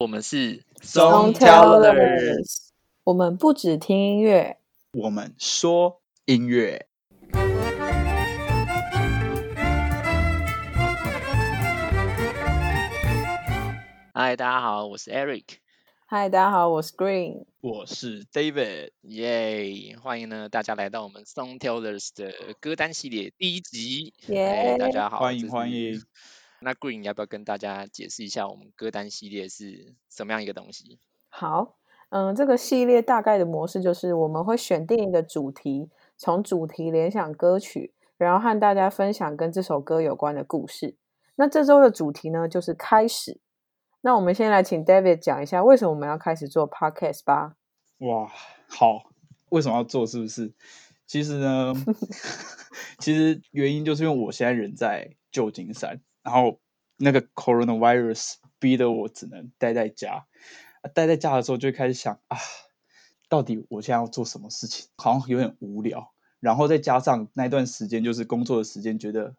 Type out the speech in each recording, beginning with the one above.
我們是 Song Tellers，我們不只聽音樂，我們說音樂。嗨，大家好，我是 Eric。嗨，大家好，我是 Green，我是 David。耶、Yeah，歡迎呢，大家來到我們 Song Tellers 的歌單系列第一集。耶，Yeah，大家好，歡迎歡迎。這是⋯⋯那 Green 要不要跟大家解釋一下我們歌單系列是什麼樣一個東西？好，嗯，這個系列大概的模式就是我們會選定一個主題，從主題聯想歌曲，然後和大家分享跟這首歌有關的故事。那這周的主題呢，就是開始。那我們先來請 David 講一下為什麼我們要開始做 Podcast 吧。哇，好，為什麼要做？是不是？其實呢， 其實原因就是因為我現在人在舊金山。然後那個 coronavirus 逼得我只能待在家，待在家的時候就開始想啊，到底我現在要做什麼事情？好像有點無聊。然後再加上那段時間就是工作的時間，覺得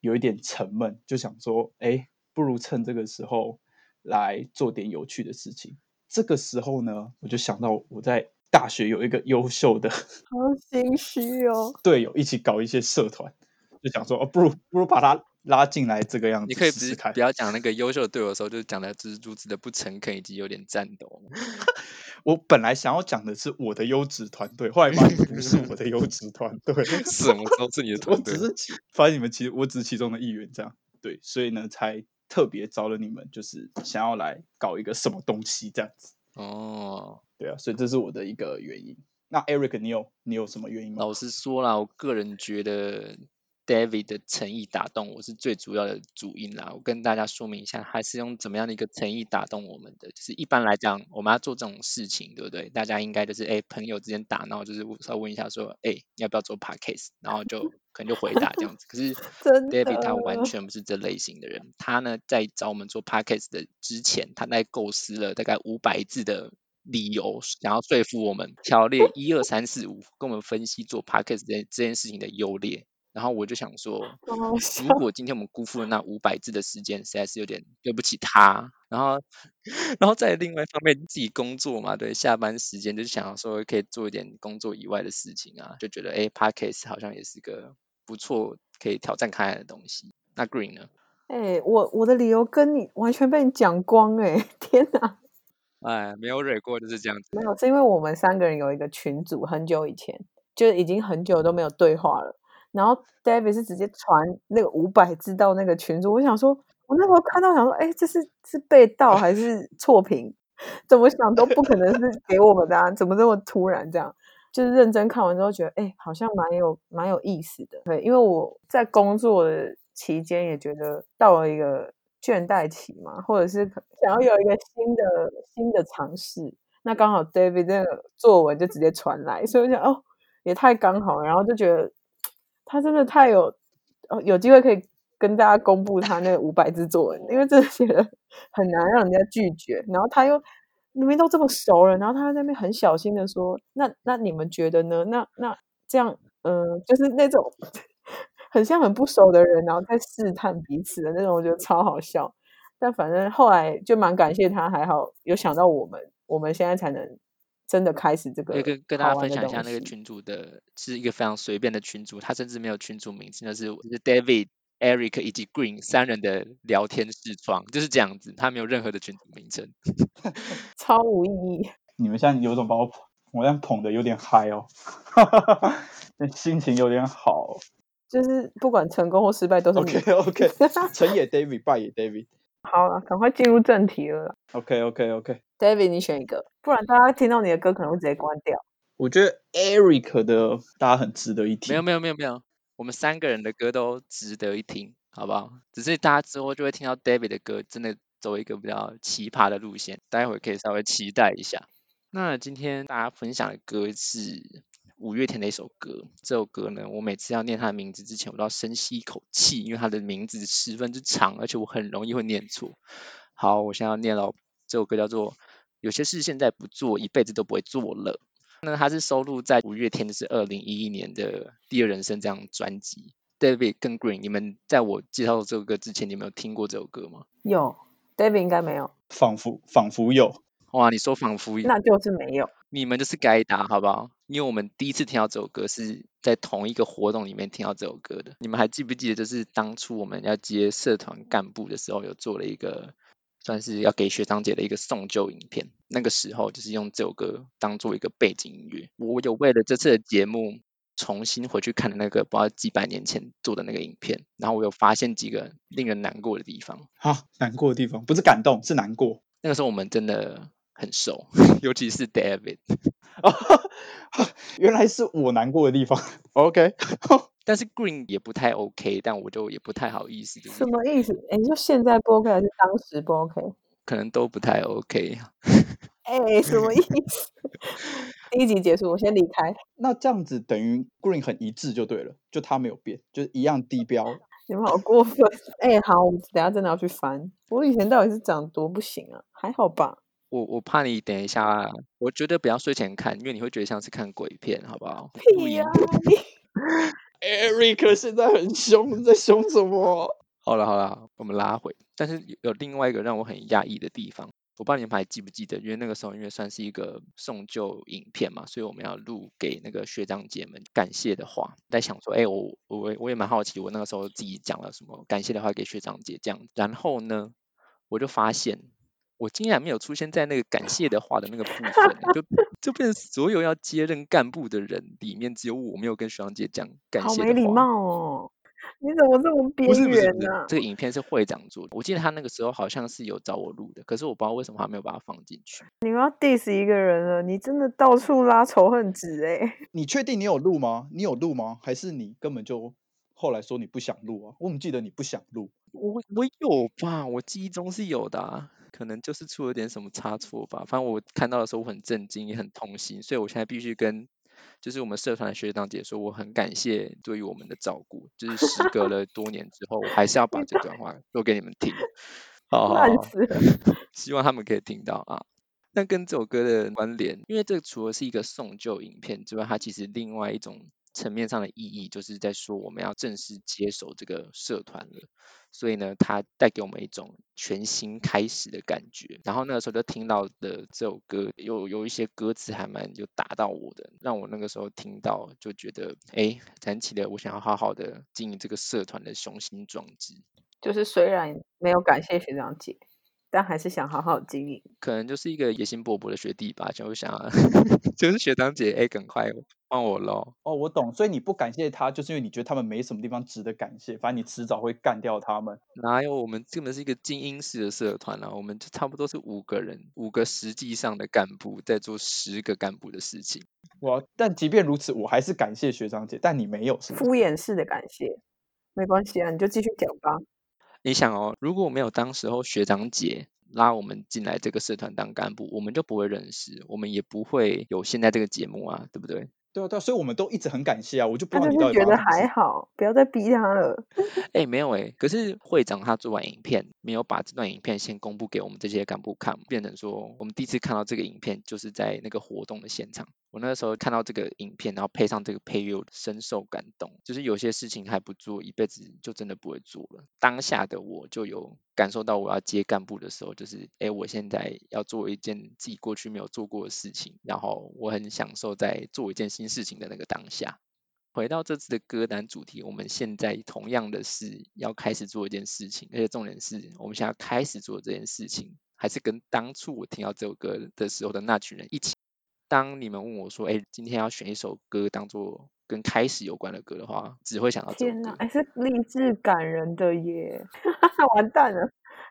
有一點沉悶，就想說，哎，不如趁這個時候來做點有趣的事情。這個時候呢，我就想到我在大學有一個優秀的，好心虛哦，隊友一起搞一些社團，就想說，哦，不如不如把他。」拉進來這個樣子試試，你可以不比不要講那個優秀的隊友的時候，就講的只是如此的不誠懇，以及有點顫抖。 我本來想要講的是我的優質團隊，後來 不是我的優質團隊， 什麼都是你的團隊。 只是發現你們其實我只是其中的一員，這樣對，所以呢才特別招了你們，就是想要來搞一個什麼東西這樣子哦。對啊，所以這是我的一個原因。那 Eric，你有你有什麼原因嗎？老實說啦，我個人覺得。David 的誠意打動我是最主要的主因啦。我跟大家說明一下，他是用怎麼樣的一個誠意打動我們的？就是一般來講，我們要做這種事情，對不對？大家應該就是，哎，朋友之間打鬧，然後就是稍微問一下，說，哎，要不要做 Podcast？然後就可能就回答這樣子。可是 David 他完全不是這類型的人。他呢，在找我們做 Podcast 的之前，他在構思了大概五百字的理由，想要說服我們，條列一二三四五，跟我們分析做 Podcast 的這件事情的優劣。然後我就想說，oh, God. 如果今天我們辜負了那五百字的時間，實在是有點對不起他。然後，然後在另外一方面，自己工作嘛，對，下班時間就是想要說可以做一點工作以外的事情啊，就覺得哎 Podcast 好像也是個不錯可以挑戰開來的東西。那 Green 呢？哎、欸，我我的理由跟你完全被你講光哎、欸，天哪！哎，沒有惹過就是這樣子。沒有，是因為我們三個人有一個群組，很久以前就已經很久都沒有對話了。然後 David 是直接傳那個五百字到那個群組，我想說，我那時候看到想說，哎、欸，這是是被盜還是錯評？怎麼想都不可能是給我們的，啊，怎麼這麼突然這樣？就是認真看完之後覺得，哎、欸，好像蠻有蠻有意思的。對，因為我在工作的期間也覺得到了一個倦怠期嘛，或者是想要有一個新的新的嘗試，那剛好 David 這個作文就直接傳來，所以我想哦，也太剛好了，然後就覺得。他真的太有有機會可以跟大家公布他那五百字作文，因為這寫的很難讓人家拒絕。然後他又，明明都這麼熟了，然後他在那邊很小心的說：“那那你們覺得呢？那那這樣，嗯、呃，就是那種很像很不熟的人，然後在試探彼此的那種，我覺得超好笑。但反正後來就蠻感謝他，還好有想到我們，我們現在才能。”真的開始這個。跟跟大家分享一下那個群組的，的是一個非常隨便的群組，他甚至沒有群組名字是，就是 David、Eric 以及 Green 三人的聊天視窗，就是這樣子，他沒有任何的群組名稱， 超無意義。你們現在有種把我捧我讓捧的有點嗨哦，那 心情有點好。就是不管成功或失敗都是 OK OK。成也 David，敗 也 David。好了，趕快進入正題了。OK，OK，OK。David，你選一個，不然大家聽到你的歌可能會直接關掉。我覺得 Eric 的大家很值得一聽。沒有，沒有，沒有，沒有。我們三個人的歌都值得一聽，好不好？只是大家之後就會聽到 David 的歌，真的走一個比較奇葩的路線，待會可以稍微期待一下。那今天大家分享的歌是，五月天的一首歌，這首歌呢，我每次要念它的名字之前，我都要深吸一口氣，因為它的名字十分之長，而且我很容易會念錯。好，我現在要念到這首歌叫做《有些事現在不做，一輩子都不會做了》。那它是收錄在五月天的、就是二零一一年的《第二人生》這張專輯。David 跟 Green，你們在我介紹這首歌之前，你們有，有聽過這首歌嗎？有，David 應該沒有。仿佛，仿佛有。哇、哦啊，你說仿佛有，那就是沒有。你們就是該打，好不好？因為我們第一次聽到這首歌是在同一個活動裡面聽到這首歌的。你們還記不記得，就是當初我們要接社團幹部的時候，有做了一個算是要給學長姐的一個送舊影片。那個時候就是用這首歌當做一個背景音樂。我有為了這次的節目重新回去看了那個不知道幾百年前做的那個影片，然後我有發現幾個令人難過的地方。好、啊，難過的地方不是感動，是難過。那個時候我們真的。很熟，尤其是 David。Oh，原來是我難過的地方。OK，但是 Green 也不太 OK，但我就也不太好意思。對對什麼意思？哎，就現在不 OK 還是當時不 OK？可能都不太 OK。哎，什麼意思？ 第一集結束，我先離開。那這樣子等於 Green 很一致就對了，就他沒有變，就是一樣低標。 你們好過分！哎，好，我們等下真的要去翻。我以前到底是長得多不行啊？還好吧。我我怕你等一下，我覺得不要睡前看，因為你會覺得像是看鬼片，好不好？對呀。Eric 現在很兇，你在兇什麼？好了好了，我們拉回。但是有另外一個讓我很壓抑的地方，我不知道你們還記不記得？因為那個時候，因為算是一個送舊影片，嘛，所以我們要錄給那個學長姐們感謝的話。在想說，哎、欸，我我我也蠻好奇，我那個時候自己講了什麼感謝的話給學長姐這樣。然後呢，我就發現。我竟然沒有出現在那個感謝的話的那個部分，就就變所有要接任幹部的人裡面，只有我沒有跟學長姐講感謝的話。好沒禮貌哦！你怎麼這麼邊緣呢？這個影片是會長做的，我記得他那個時候好像是有找我錄的，可是我不知道為什麼還沒有把它放進去。你要 diss 一個人了，你真的到處拉仇恨值欸！你確定你有錄嗎？你有錄嗎？還是你根本就後來說你不想錄啊？我怎麼記得你不想錄，我我有吧？我記憶中是有的啊。可能就是出了點什麼差錯吧，反正我看到的時候，我很震驚，也很痛心，所以我現在必須跟就是我們社團的學長姐說，我很感謝對於我們的照顧。就是時隔了多年之後，我還是要把這段話說給你們聽。好好，好，好，死希望他們可以聽到啊。那跟這首歌的關聯，因為這除了是一個送舊影片之外，它其實另外一種。層面上的意義，就是在說我們要正式接手這個社團了，所以呢，它帶給我們一種全新開始的感覺。然後那個時候就聽到的這首歌，有有一些歌詞還蠻就打到我的，讓我那個時候聽到就覺得，哎，燃起了，我想要好好的經營這個社團的雄心壯志。就是雖然沒有感謝學長姐。但還是想好好經營，可能就是一個野心勃勃的學弟吧，就想 就是學長姐哎，欸，趕快換我咯哦。哦，我懂，所以你不感謝他，就是因為你覺得他們沒什麼地方值得感謝，反正你遲早會幹掉他們。哪有，我們真的是一個精英式的社團啊。我們就差不多是五個人，五個實際上的幹部在做十個幹部的事情。哇，但即便如此，我還是感謝學長姐，但你沒有，是、是敷衍式的感謝，沒關係啊，你就繼續講吧。你想哦，如果沒有當時候學長姐拉我們進來這個社團當幹部，我們就不會認識，我們也不會有現在這個節目啊，對不對？對啊對啊，所以我們都一直很感謝啊，我就不能，我覺得還好，不要再逼他了。哎 、欸，沒有哎、欸，可是會長他做完影片，沒有把這段影片先公布給我們這些幹部看，變成說我們第一次看到這個影片就是在那個活動的現場。我那時候看到這個影片，然後配上這個配樂，深受感動。就是有些事情還不做，一輩子就真的不會做了。當下的我就有。感受到我要接幹部的時候，就是，誒、欸，我現在要做一件自己過去沒有做過的事情，然後我很享受在做一件新事情的那個當下。回到這次的歌單主題，我們現在同樣的是要開始做一件事情，而且重點是我們現在開始做這件事情，還是跟當初我聽到這首歌的時候的那群人一起。當你們問我說，誒、欸，今天要選一首歌當做……跟開始有關的歌的話，只會想到，天哪、啊，還是勵志感人的耶！ 完蛋了，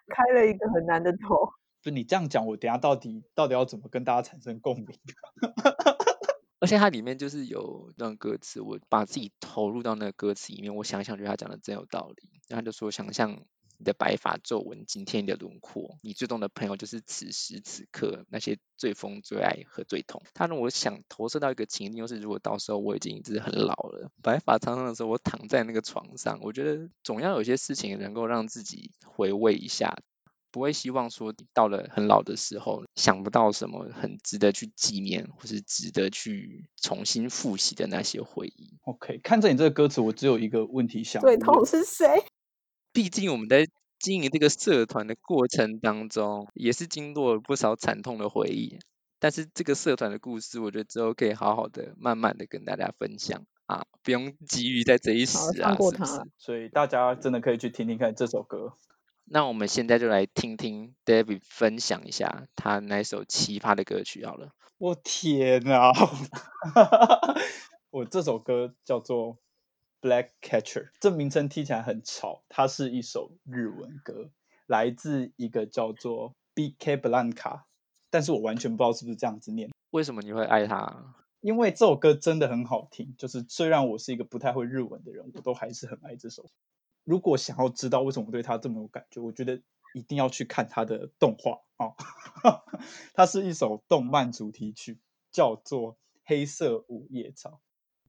開了一個很難的頭。不，你這樣講，我等下到底到底要怎麼跟大家產生共鳴？ 而且它裡面就是有那種歌詞，我把自己投入到那個歌詞裡面，我想想覺得他講的真有道理。然後就說想象。你的白髮皺紋，今天你的輪廓，你最懂的朋友，就是此時此刻那些最瘋、最愛和最痛。他讓我想投射到一個情景，就是如果到時候我已經是很老了，白髮蒼蒼的時候，我躺在那個床上，我覺得總要有些事情能夠讓自己回味一下，不會希望說到了很老的時候，想不到什麼很值得去紀念，或是值得去重新復習的那些回憶。OK，看着你這個歌詞，我只有一個問題想問：最痛是誰？畢竟我們在經營這個社團的過程當中，也是經過了不少慘痛的回憶。但是這個社團的故事，我覺得之後可以好好的、慢慢的跟大家分享啊，不用急於在這一時啊，是不是？所以大家真的可以去聽聽看這首歌。那我們現在就來聽聽 David 分享一下他那首奇葩的歌曲好了。我天啊！ 我這首歌叫做。Black Catcher，這名稱聽起來很潮。它是一首日文歌，來自一個叫做 B.K. Blanca，但是我完全不知道是不是這樣子念。為什麼你會愛它？因為這首歌真的很好聽，就是雖然我是一個不太會日文的人，我都還是很愛這首歌。如果想要知道為什麼我對它這麼有感覺，我覺得一定要去看它的動畫哦。 它是一首動漫主題曲，叫做《黑色四葉草》。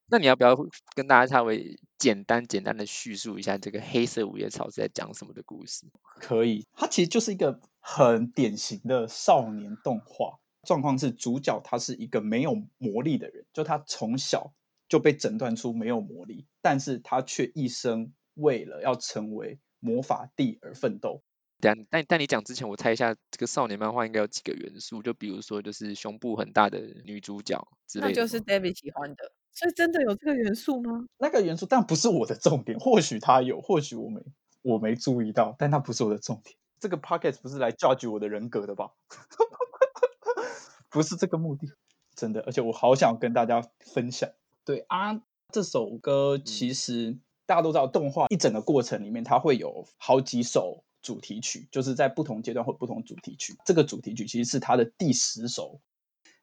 那你要不要跟大家稍微簡單簡單的敘述一下這個黑色五葉草是在講什麼的故事？可以，它其實就是一個很典型的少年動畫。狀況是主角他是一個沒有魔力的人，就他從小就被診斷出沒有魔力，但是他卻一生為了要成為魔法帝而奮鬥。但但你講之前，我猜一下這個少年漫畫應該有幾個元素，就比如說就是胸部很大的女主角之類的，就是 David 喜歡的。是真的有這個元素嗎？那個元素，但不是我的重點。或許他有，或許我沒，我沒注意到，但它不是我的重點。這個 podcast 不是來 judge 我的人格的吧？ 不是這個目的，真的。而且我好想跟大家分享。對啊，這首歌其實、嗯、大家都知道，動畫一整個過程裡面，它會有好幾首主題曲，就是在不同階段或不同主題曲。這個主題曲其實是它的第十首。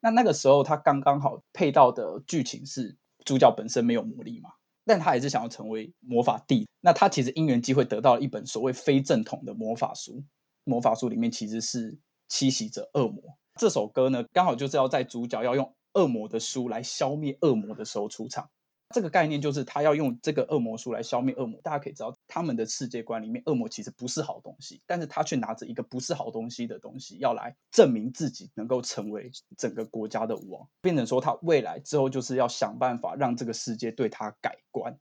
那那個時候，它剛剛好配到的劇情是，主角本身沒有魔力嘛，但他還是想要成為魔法帝。那他其實因緣機會得到了一本所謂非正統的魔法書，魔法書裡面其實是《七喜者惡魔》這首歌呢，剛好就是要在主角要用惡魔的書來消滅惡魔的時候出場。這個概念就是他要用這個惡魔術來消滅惡魔。大家可以知道，他們的世界觀裡面，惡魔其實不是好東西，但是他卻拿着一個不是好東西的東西，要來證明自己能夠成為整個國家的王，變成說他未來之後就是要想辦法讓這個世界對他改觀。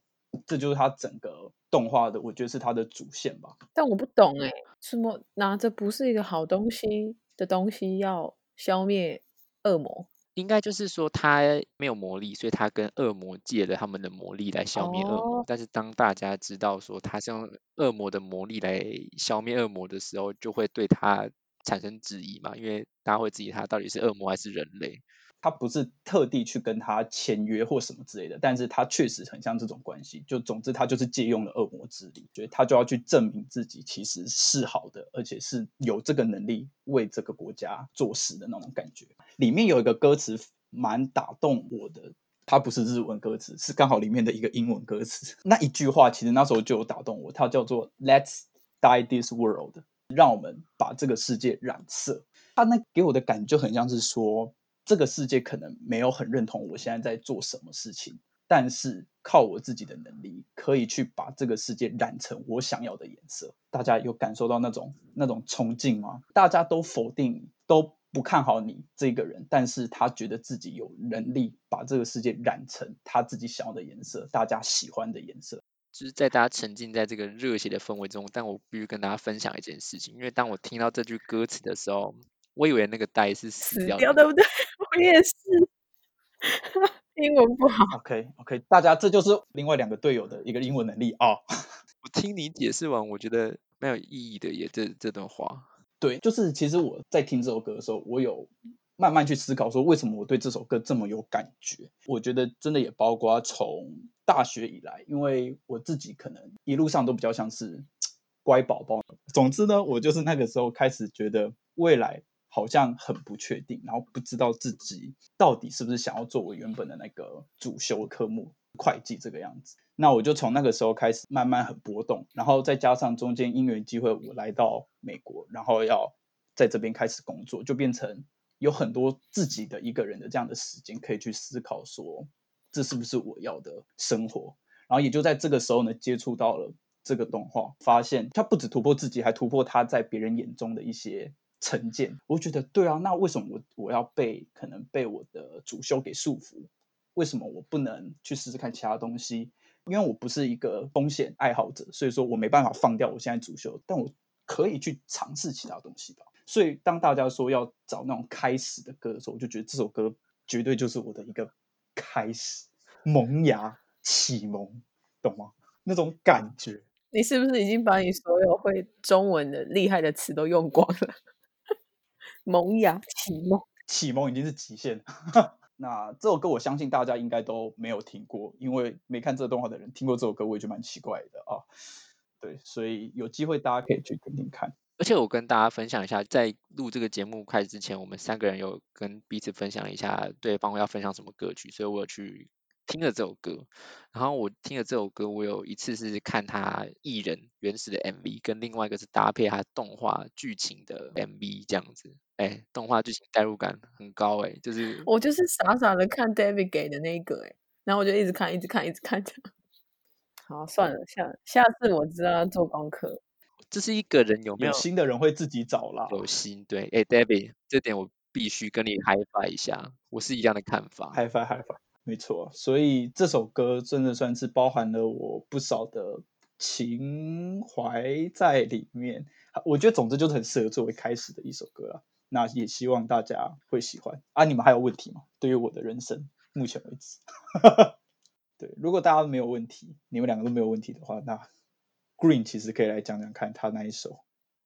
這就是他整個動畫的，我覺得是他的主線吧。但我不懂哎，什麼拿着不是一個好東西的東西要消滅惡魔？應該就是說，他沒有魔力，所以他跟惡魔借了他們的魔力來消滅惡魔。Oh. 但是當大家知道說他是用惡魔的魔力來消滅惡魔的時候，就會對他產生質疑嘛，因為大家會質疑他到底是惡魔還是人類。他不是特地去跟他簽約或什麼之類的，但是他確實很像這種關係。就總之，他就是借用了惡魔之力，所以他就要去證明自己其實是好的，而且是有這個能力為這個國家做事的那種感覺。裡面有一個歌詞蠻打動我的，它不是日文歌詞，是剛好裡面的一個英文歌詞。那一句話其實那時候就有打動我，它叫做 “Let's dye this world”，讓我們把這個世界染色。它那給我的感覺就很像是說。這個世界可能沒有很認同我現在在做什麼事情，但是靠我自己的能力，可以去把這個世界染成我想要的顏色。大家有感受到那種那種崇敬嗎？大家都否定，都不看好你這個人，但是他覺得自己有能力把這個世界染成他自己想要的顏色，大家喜歡的顏色。就是在大家沉浸在這個熱血的氛圍中，但我必須跟大家分享一件事情，因為當我聽到這句歌詞的時候。我以為那個呆是死掉，死掉，對不對？我也是， 英文不好。OK，OK，okay, okay. 大家，這就是另外兩個隊友的一個英文能力啊。Oh. 我聽你解釋完，我覺得蠻有意義的耶，也這這段話。對，就是其實我在聽這首歌的時候，我有慢慢去思考，說為什麼我對這首歌這麼有感覺。我覺得真的也包括從大學以來，因為我自己可能一路上都比較像是乖寶寶。總之呢，我就是那個時候開始覺得未來。好像很不確定，然後不知道自己到底是不是想要做我原本的那個主修科目會計這個樣子。那我就從那個時候開始慢慢很波動，然後再加上中間因緣機會，我來到美國，然後要在這邊開始工作，就變成有很多自己的一個人的這樣的時間可以去思考說這是不是我要的生活。然後也就在這個時候呢，接觸到了這個動畫，發現他不止突破自己，還突破他在別人眼中的一些。成見，我覺得對啊，那為什麼我我要被可能被我的主修給束縛？為什麼我不能去試試看其他東西？因為我不是一個風險愛好者，所以說我沒辦法放掉我現在主修，但我可以去嘗試其他東西吧。所以當大家說要找那種開始的歌的時候，我就覺得這首歌絕對就是我的一個開始、萌芽、啟蒙，懂嗎？那種感覺，你是不是已經把你所有會中文的厲害的詞都用光了？萌芽啟蒙，啟蒙已經是極限。 那這首歌我相信大家應該都沒有聽過，因為沒看這個動畫的人聽過這首歌，我也覺得蠻奇怪的啊。對，所以有機會大家可以去聽聽看。而且我跟大家分享一下，在錄這個節目開始之前，我們三個人有跟彼此分享一下，對方要分享什麼歌曲，所以我有去。聽了這首歌，然後我聽了這首歌，我有一次是看他藝人原始的 MV，跟另外一個是搭配他動畫劇情的 MV 這樣子，哎，動畫劇情代入感很高哎，就是我就是傻傻的看 David 給的那一個哎，然後我就一直看一直看一直看這樣，好算了，下下次我知道他做功課，這是一個人有沒有，有新的人會自己找啦有心，對哎 David 這點我必須跟你嗨翻一下，我是一樣的看法嗨翻嗨翻。High five, high five. 沒錯，所以這首歌真的算是包含了我不少的情懷在裡面。我覺得總之就是很適合作為開始的一首歌啊。那也希望大家會喜歡啊。你們還有問題嗎？對於我的人生，目前為止， 對，如果大家沒有問題，你們兩個都沒有問題的話，那 Green 其實可以來講講看他那一首。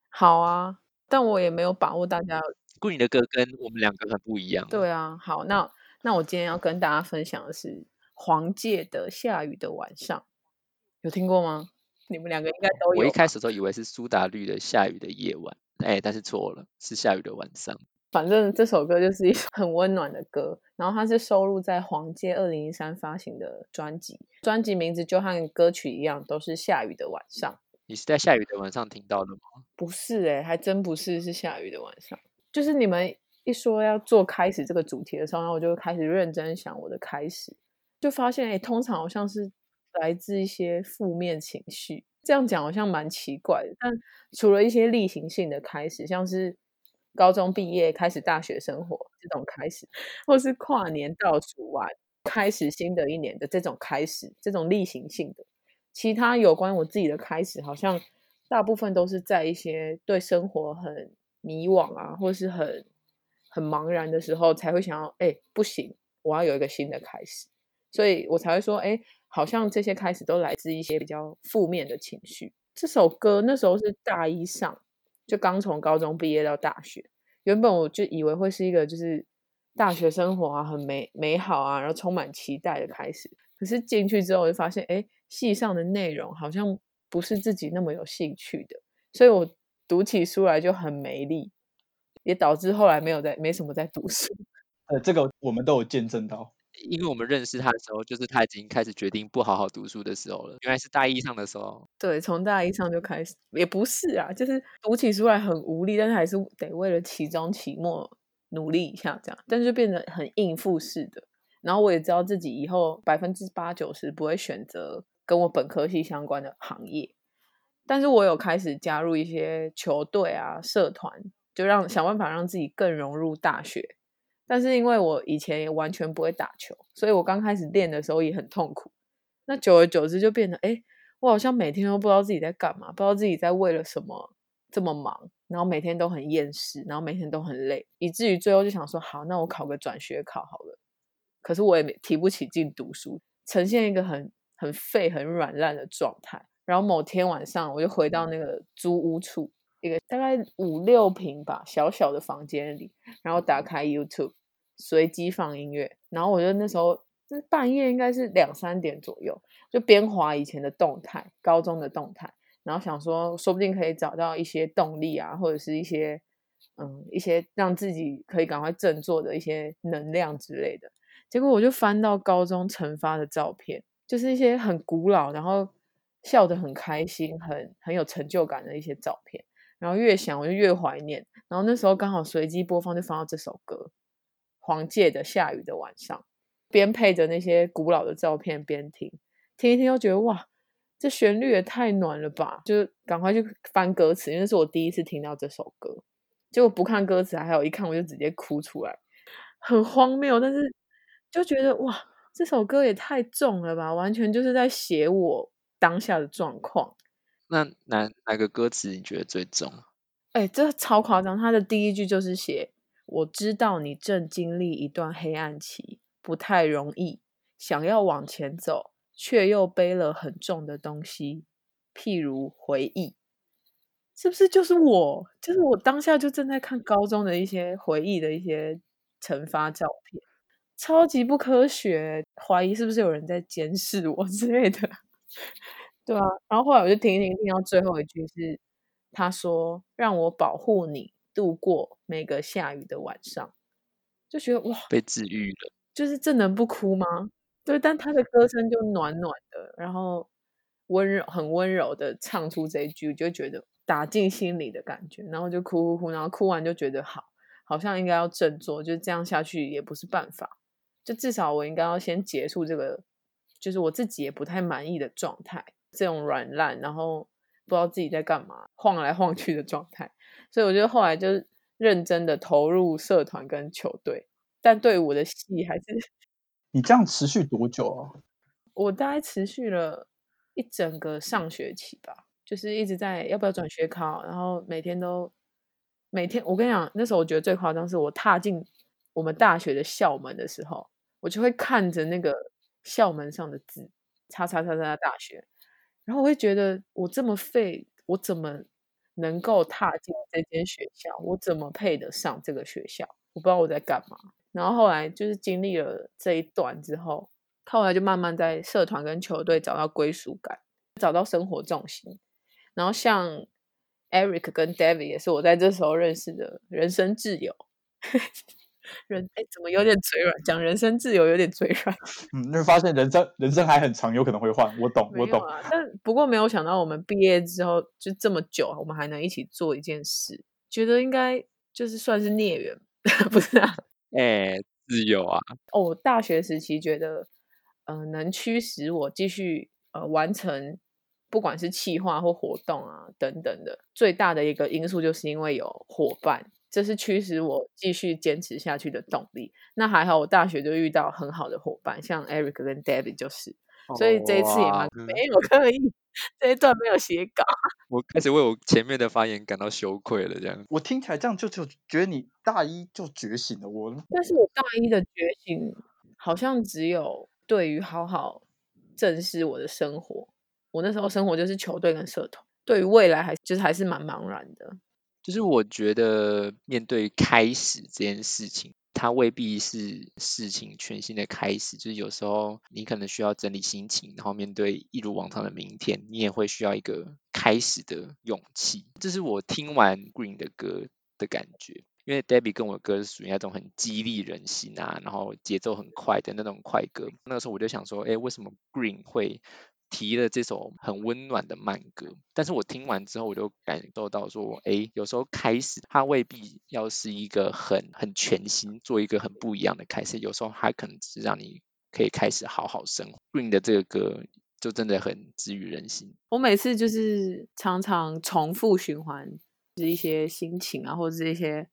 好啊，但我也沒有把握大家 Green、嗯、的歌跟我們兩個很不一樣。對啊，好，那。那我今天要跟大家分享的是黃玠的《下雨的晚上》，有聽過嗎？你們兩個應該都有。我一開始都以為是蘇打綠的《下雨的夜晚》欸，哎，但是錯了，是下雨的晚上。反正這首歌就是一首很溫暖的歌，然後它是收錄在黃玠二零一三發行的專輯，專輯名字就和歌曲一樣，都是《下雨的晚上》。你是在下雨的晚上聽到的嗎？不是哎、欸，還真不是，是下雨的晚上。就是你們。一說要做開始這個主題的時候，然後我就開始認真想我的開始，就發現哎、欸，通常好像是來自一些負面情緒。這樣講好像蠻奇怪的，但除了一些例行性的開始，像是高中畢業開始大學生活這種開始，或是跨年倒數完開始新的一年的這種開始，這種例行性的，其他有關我自己的開始，好像大部分都是在一些對生活很迷惘啊，或是很很茫然的時候，才會想要，哎、欸，不行，我要有一個新的開始，所以我才會說，哎、欸，好像這些開始都來自一些比較負面的情緒。這首歌那時候是大一上，就剛從高中畢業到大學，原本我就以為會是一個就是大學生活啊，很美美好啊，然後充滿期待的開始。可是進去之後，我就發現，哎、欸，系上的內容好像不是自己那麼有興趣的，所以我讀起書來就很沒力。也導致後來沒有在，沒什麼在讀書，呃，這個我們都有見證到，因為我們認識他的時候，就是他已經開始決定不好好讀書的時候了。原來是大一上的時候？對，從大一上就開始，也不是啊，就是讀起書來很無力，但是還是得為了期中期末努力一下這樣，但是就變得很應付式的。然後我也知道自己以後百分之八九十不會選擇跟我本科系相關的行業，但是我有開始加入一些球隊啊、社團。就讓想辦法讓自己更融入大學，但是因為我以前也完全不會打球，所以我剛開始練的時候也很痛苦。那久而久之就變得，哎，我好像每天都不知道自己在幹嘛，不知道自己在為了什麼這麼忙，然後每天都很厭世，然後每天都很累，以至於最後就想說，好，那我考個轉學考好了。可是我也沒提不起勁讀書，呈現一個很很廢、很軟爛的狀態。然後某天晚上，我就回到那個租屋處。一個大概五六坪吧，小小的房間裡，然後打開 YouTube，隨機放音樂，然後我就那時候半夜，應該是兩三點左右，就邊滑以前的動態，高中的動態，然後想說，說不定可以找到一些動力啊，或者是一些嗯，一些讓自己可以趕快振作的一些能量之類的。結果我就翻到高中成發的照片，就是一些很古老，然後笑得很開心，很很有成就感的一些照片。然後越想我就越懷念，然後那時候剛好隨機播放就放到這首歌，黃玠的《下雨的晚上》，邊配着那些古老的照片邊聽，聽一聽又覺得哇，這旋律也太暖了吧！就趕快去翻歌詞，因為是我第一次聽到這首歌。結果不看歌詞還有，一看我就直接哭出來，很荒謬。但是就覺得哇，這首歌也太重了吧，完全就是在寫我當下的狀況。那哪，哪個歌詞你覺得最重？哎、欸，這超誇張！他的第一句就是寫：“我知道你正經歷一段黑暗期，不太容易，想要往前走，卻又背了很重的東西，譬如回憶。”是不是就是我？就是我當下就正在看高中的一些回憶的一些成發照片，超級不科學，懷疑是不是有人在監視我之類的。對啊，然後後來我就聽一聽，聽到最後一句是他說：“讓我保護你，度過每個下雨的晚上。”就覺得哇，被治癒了，就是這能不哭嗎？對，但他的歌聲就暖暖的，然後溫柔、很溫柔的唱出這一句，就覺得打進心裡的感覺，然後就哭哭哭，然後哭完就覺得好，好像應該要振作，就這樣下去也不是辦法，就至少我應該要先結束這個，就是我自己也不太滿意的狀態。這種軟爛，然後不知道自己在幹嘛，晃來晃去的狀態，所以我覺得後來就認真的投入社團跟球隊，但對我的戲還是。你這樣持續多久啊？我大概持續了一整個上學期吧，就是一直在要不要轉學考，然後每天都每天，我跟你講，那時候我覺得最誇張是我踏進我們大學的校門的時候，我就會看着那個校門上的字，叉叉叉叉，叉大學。然後我會覺得我這麼廢，我怎麼能夠踏進這間學校？我怎麼配得上這個學校？我不知道我在幹嘛。然後後來就是經歷了這一段之後，後來就慢慢在社團跟球隊找到歸屬感，找到生活重心。然後像 Eric 跟 David 也是我在這時候認識的人生摯友。 人哎、欸，怎麼有點嘴軟？講人生自由有點嘴軟。嗯，那發現人生人生還很長，有可能會換。我懂，我懂啊。但不過沒有想到，我們畢業之後就這麼久、啊，我們還能一起做一件事，覺得應該就是算是孽緣，不是、啊？哎、欸，自由啊！哦，oh, 大學時期覺得，呃，能驅使我繼續呃完成，不管是企劃或活動啊等等的，最大的一個因素就是因為有伙伴。這是驅使我繼續堅持下去的動力。那還好，我大學就遇到很好的夥伴，像 Eric 跟 David 就是，oh, 所以這一次也蠻、嗯、沒有刻意，這一段沒有寫稿。我開始為我前面的發言感到羞愧了，這樣。我聽起來這樣就就覺得你大一就覺醒了我，但是我大一的覺醒好像只有對於好好正視我的生活。我那時候生活就是球隊跟社團，對於未來還就是還是蠻茫然的。就是我覺得面對開始這件事情，它未必是事情全新的開始。就是有時候你可能需要整理心情，然後面對一如往常的明天，你也會需要一個開始的勇氣。這是我聽完 Green 的歌的感覺，因為 Debbie 跟我歌是屬於那種很激勵人心啊，然後節奏很快的那種快歌。那個時候我就想說，哎，為什麼 Green 會提了這首很溫暖的慢歌，但是我聽完之後，我就感受到說，哎，有時候開始它未必要是一個很很全新，做一個很不一樣的開始，有時候它可能只是讓你可以開始好好生活。Green 的這個歌就真的很治癒人心，我每次就是常常重複循環，是一些心情啊，或者是一些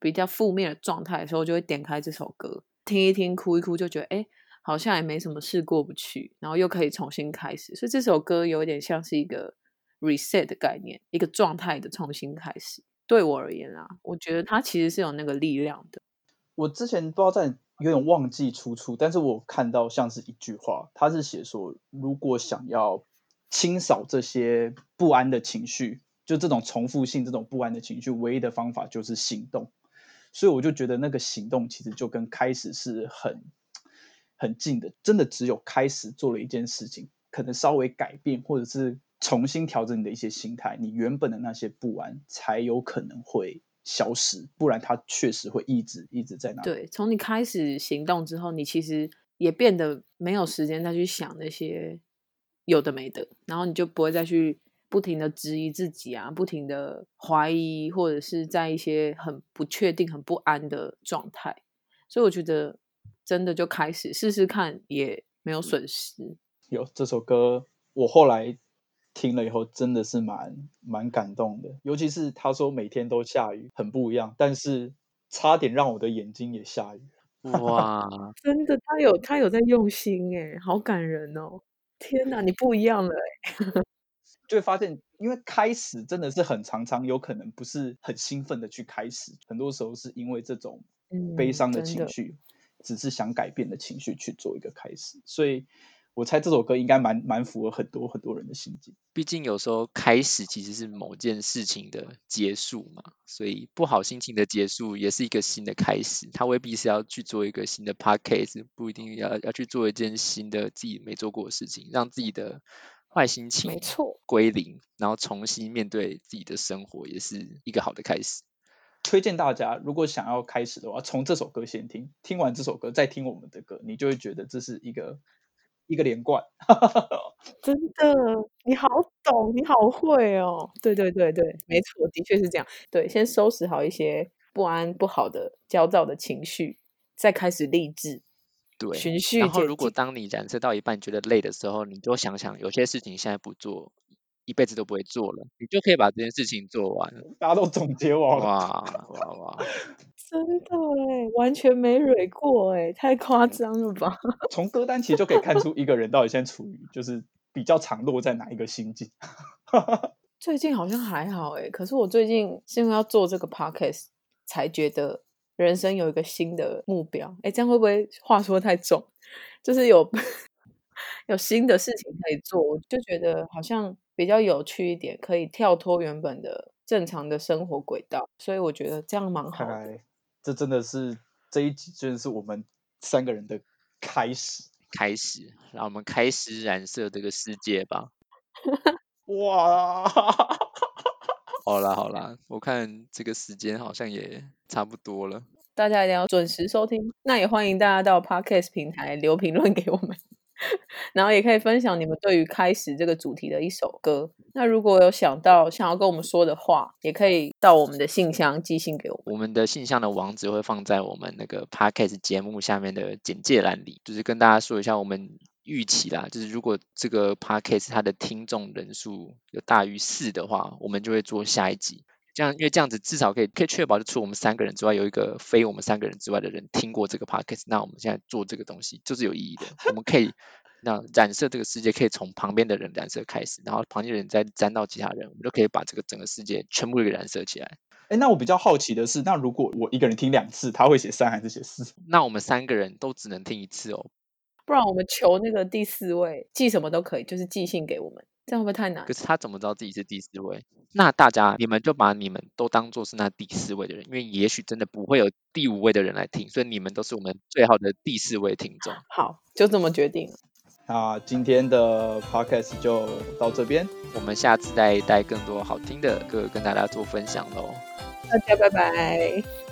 比較負面的狀態的時候，就會點開這首歌聽一聽，哭一哭，就覺得哎。誒好像也沒什麼事過不去，然後又可以重新開始，所以這首歌有點像是一個 reset 的概念，一個狀態的重新開始。對我而言啊，我覺得它其實是有那個力量的。我之前不知道在有點忘記出處，但是我看到像是一句話，它是寫說，如果想要清掃這些不安的情緒，就這種重複性、這種不安的情緒，唯一的方法就是行動。所以我就覺得那個行動其實就跟開始是很。很近的，真的只有開始做了一件事情，可能稍微改變或者是重新調整你的一些心態，你原本的那些不安才有可能會消失，不然它確實會一直一直在那裡。對，從你開始行動之後，你其實也變得沒有時間再去想那些有的沒的，然後你就不會再去不停的質疑自己啊，不停的懷疑，或者是在一些很不確定、很不安的狀態。所以我覺得。真的就開始試試看，也沒有損失。有這首歌，我後來聽了以後，真的是蠻蠻感動的。尤其是他說每天都下雨，很不一樣，但是差點讓我的眼睛也下雨。哇， 真的，他有他有在用心耶，好感人哦！天哪，你不一樣了耶 就會發現，因為開始真的是很常常有可能不是很興奮的去開始，很多時候是因為這種悲傷的情緒。嗯只是想改變的情緒去做一個開始，所以我猜這首歌應該蠻蠻符合很多很多人的心境。畢竟有時候開始其實是某件事情的結束嘛，所以不好心情的結束也是一個新的開始。他未必是要去做一個新的 podcast，不一定要要去做一件新的自己沒做過的事情，讓自己的壞心情沒錯歸零，然後重新面對自己的生活，也是一個好的開始。推薦大家，如果想要開始的話，從這首歌先聽，聽完這首歌再聽我們的歌，你就會覺得這是一個一個連貫。 真的，你好懂，你好會哦。對對對對，沒錯，的確是這樣。對，先收拾好一些不安、不好的、焦躁的情緒，再開始勵志。對，然後如果當你燃燒到一半覺得累的時候，你多想想，有些事情現在不做。一輩子都不會做了，你就可以把這件事情做完了。大家都總結完了，哇哇，哇哇真的哎，完全沒雷過哎，太誇張了吧？從歌單其實就可以看出一個人到底現在處於就是比較常落在哪一個心境。最近好像還好哎，可是我最近是因為要做這個 podcast，才覺得人生有一個新的目標。哎、欸，這樣會不會話說太重？就是有有新的事情可以做，我就覺得好像。比較有趣一點，可以跳脫原本的正常的生活軌道，所以我覺得這樣蠻好的。這真的是這一集，真的是我們三個人的開始，開始，讓我們開始染色這個世界吧。 哇！ 好啦好啦，我看這個時間好像也差不多了。大家一定要準時收聽，那也歡迎大家到 Podcast 平台留評論給我們。 然後也可以分享你們對於開始這個主題的一首歌。那如果有想到想要跟我們說的話，也可以到我們的信箱寄信給我們。我們的信箱的網址會放在我們那個 podcast 節目下面的簡介欄裡，就是跟大家說一下我們預期啦。就是如果這個 podcast 它的聽眾人數有大於四的話，我們就會做下一集。這樣，因為這樣子至少可以，可以確保就除我們三個人之外，有一個非我們三個人之外的人聽過這個 podcast。那我們現在做這個東西就是有意義的。 我們可以，讓染色這個世界可以從旁邊的人染色開始，然後旁邊的人再沾到其他人，我們就可以把這個整個世界全部給染色起來。哎，那我比較好奇的是，那如果我一個人聽兩次，他會寫三還是寫四？那我們三個人都只能聽一次哦，不然我們求那個第四位寄什麼都可以，就是寄信給我們。這樣會不會太難？可是他怎麼知道自己是第四位？那大家，你們就把你們都當做是那第四位的人，因為也許真的不會有第五位的人來聽，所以你們都是我們最好的第四位聽眾。啊，好，就這麼決定。那今天的 podcast 就到這邊，我們下次再帶更多好聽的歌跟大家做分享嘍。大家拜拜。